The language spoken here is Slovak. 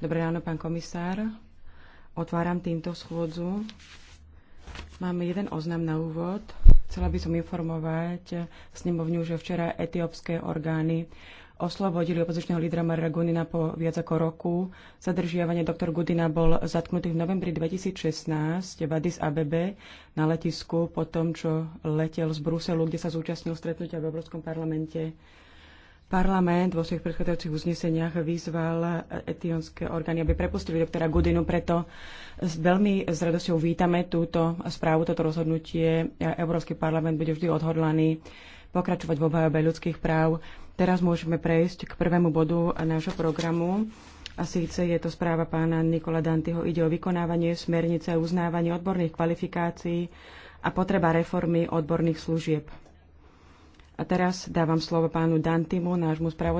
Dobré ráno, pán komisár. Otváram týmto schôdzu. Máme jeden oznam na úvod. Chcela by som informovať snemovňu, že včera etiópske orgány oslobodili opozičného lídra Marira Gunina po viac ako roku. Zadržiavanie doktor Gudina bol zatknutý v novembri 2016 v Addis Abebe na letisku po tom, čo letel z Bruselu, kde sa zúčastnil stretnutia v Európskom parlamente. Parlament vo svojich predchádzajúcich uzneseniach vyzval etionské orgány, aby prepustili doktora Gudinu, preto s veľmi s radosťou vítame túto správu, toto rozhodnutie. Európsky parlament bude vždy odhodlaný pokračovať v obhajobe ľudských práv. Teraz môžeme prejsť k prvému bodu nášho programu. A síce je to správa pána Nikola Dantyho. Ide o vykonávanie smernice a uznávanie odborných kvalifikácií a potreba reformy odborných služieb. A teraz dávam slovo pánu Dantimu, nášmu spravodajcovi.